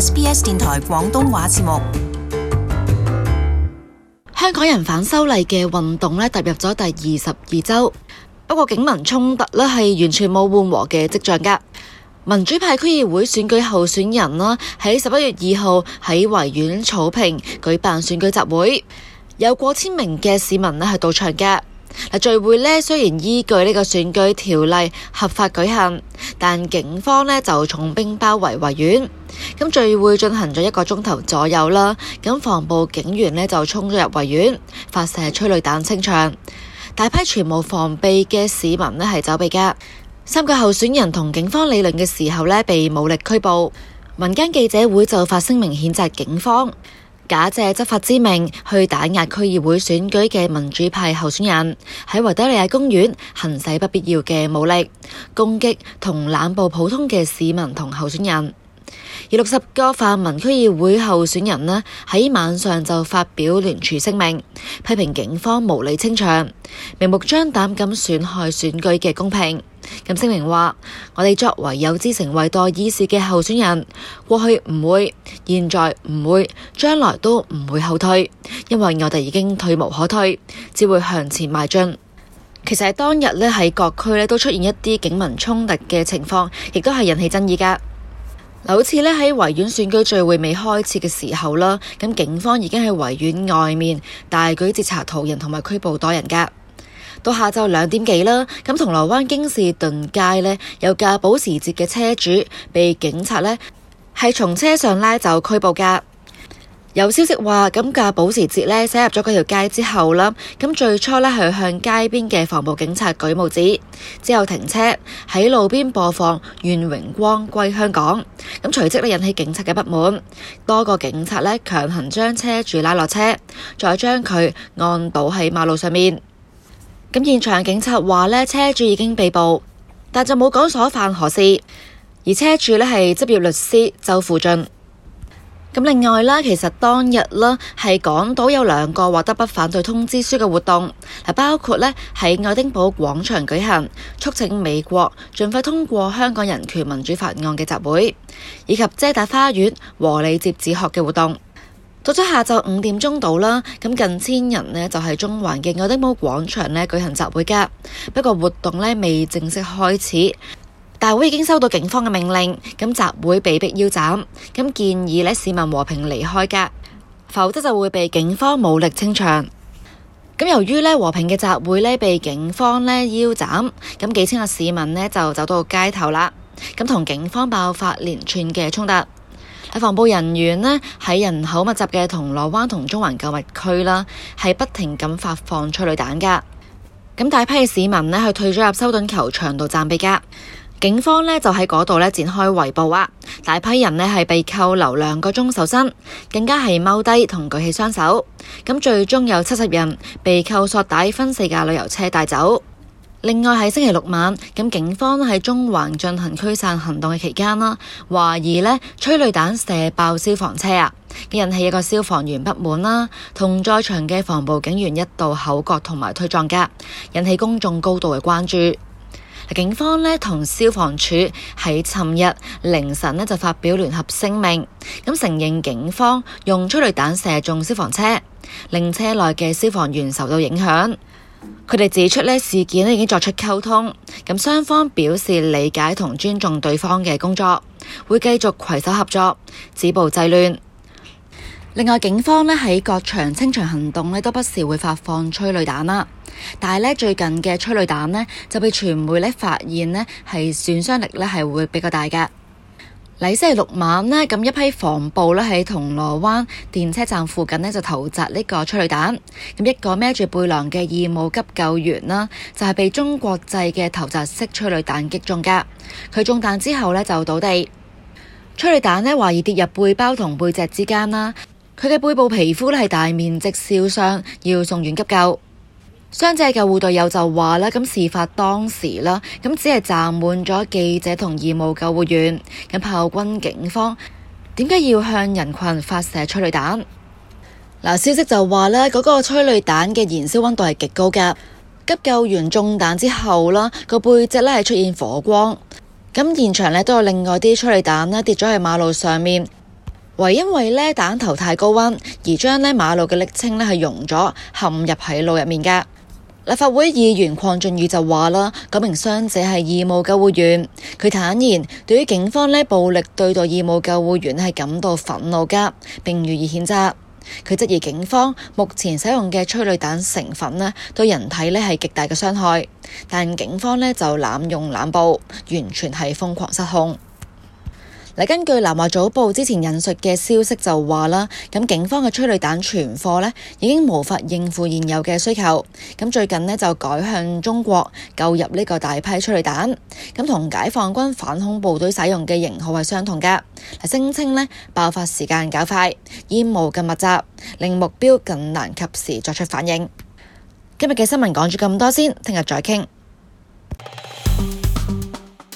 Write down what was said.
SBS 電台廣東話節目，香港人反修例嘅運動咧踏入咗第二十二周，不過警民衝突咧係完全冇緩和嘅跡象噶。民主派區議會選舉候選人啦，喺十一月二號喺維園草坪舉辦選舉集會，有過千名嘅市民咧係到場嘅。嗱，聚會咧雖然依據呢個選舉條例合法舉行，但警方咧就重兵包圍維園。咁聚會進行咗一個鐘頭左右啦，咁防暴警員咧就衝咗入維園，發射催淚彈清場，大批全冇防備嘅市民咧係走避噶。三個候選人同警方理論嘅時候咧被武力拘捕，民間記者會就發聲明譴責警方。假借執法之名去打壓區議會選舉嘅民主派候選人，喺維多利亞公園行使不必要嘅武力攻擊同濫暴普通嘅市民同候選人。而六十個泛民區議會候選人咧喺晚上就發表聯署聲明，批評警方無理清場，明目張膽咁損害選舉嘅公平。咁聲明話：我哋作為有資成為代議士嘅候選人，過去唔會，現在唔會，將來都唔會後退，因為我哋已經退無可退，只會向前邁進。其實當日呢喺各區呢都出現一啲警民衝突嘅情況，亦都係引起爭議噶。嗱，好似喺維園選舉聚會未開始嘅時候啦，咁警方已經喺維園外面大舉截查途人同埋拘捕多人噶。到下晝兩點幾啦，咁銅鑼灣京士頓街呢，有架保時捷嘅車主被警察呢係從車上拉走拘捕噶。有消息話，咁架保時捷呢駛入咗嗰條街之後啦，咁最初呢係向街邊嘅防暴警察舉拇指，之後停車喺路邊播放願榮光歸香港，咁隨即呢引起警察嘅不滿，多個警察呢強行將車主拉落車，再將佢按倒喺馬路上面。咁現場警察話呢，車主已經被捕，但就冇講所犯何事。而車主呢係執業律師周富俊。咁另外啦，其實當日呢係港島有兩個獲得不反對通知書嘅活動，係包括呢喺愛丁堡廣場舉行促請美國盡快通過香港人權民主法案嘅集會，以及遮打花園和你接子學嘅活動。到咗下晝五點鐘到啦，咁近千人呢，就喺中環嘅愛丁堡廣場呢舉行集會噶，不過活動呢，未正式開始，大會已經收到警方嘅命令，咁集會被迫腰斬，咁建議呢市民和平離開噶，否則就會被警方武力清場。咁由於呢和平嘅集會呢被警方呢腰斬，咁幾千個市民呢就走到街頭啦，咁同警方爆發連串嘅衝突。係防暴人員咧喺人口密集嘅銅鑼灣同中環購物區啦，係不停咁發放催淚彈噶。咁大批市民咧退咗入修頓球場度暫避噶，警方咧就喺嗰度展開圍捕啊。大批人咧係被扣留兩個鐘受身，更加係踎低同舉起雙手。咁最終有七十人被扣索帶，分四架旅遊車帶走。另外喺星期六晚，咁警方喺中環進行驅散行動嘅期間啦，懷疑咧催淚彈射爆消防車啊，引起一個消防員不滿啦，同在場嘅防暴警員一度口角同埋推撞架，引起公眾高度嘅關注。警方咧同消防處喺尋日凌晨咧就發表聯合聲明，咁承認警方用催淚彈射中消防車，令車內嘅消防員受到影響。佢哋指出呢事件已經作出溝通，咁雙方表示理解同尊重對方嘅工作，會繼續攜手合作，止暴制亂。另外，警方呢喺各場清場行動都不時會發放催淚彈啦。但係呢最近嘅催淚彈就被傳媒呢發現呢係損傷力呢係會比較大嘅。禮星期六晚呢咁一批防暴呢喺銅鑼灣電車站附近呢就投擲呢個催淚彈，咁一個孭住背囊嘅義務急救員呢就係被中國製嘅投擲式催淚彈擊中噶，佢中彈之後呢就倒地，催淚彈呢懷疑跌入背包同背脊之間啦，佢嘅背部皮膚呢係大面積燒傷，要送院急救。傷者救護隊友就話啦，咁事發當時啦，咁只係站滿咗記者同義務救護員。咁炮轟警方點解要向人群發射催淚彈？嗱，消息就話呢嗰個催淚彈嘅燃燒温度係極高㗎。急救完中彈之後啦，個背脊呢係出現火光。咁現場呢都有另外啲催淚彈呢跌咗喺馬路上面，唯因為呢，彈頭太高温而將呢馬路嘅瀝青呢係溶咗，陷入喺路入面㗎。立法會議員鄺俊宇就話啦，九名傷者係義務救護員，佢坦言對於警方咧暴力對待義務救護員係感到憤怒噶，並予以譴責。佢質疑警方目前使用嘅催淚彈成分咧對人體咧係極大嘅傷害，但警方咧就濫用濫捕，完全係瘋狂失控。根據南華早報之前引述嘅消息就話啦，咁警方嘅催淚彈存貨咧已經無法應付現有嘅需求，咁最近咧就改向中國購入呢個大批催淚彈，咁同解放軍反恐部隊使用嘅型號係相同嘅，嗱聲稱咧爆發時間較快，煙霧更密集令目標更難及時作出反應。今日嘅新聞講咗咁多先，聽日再傾。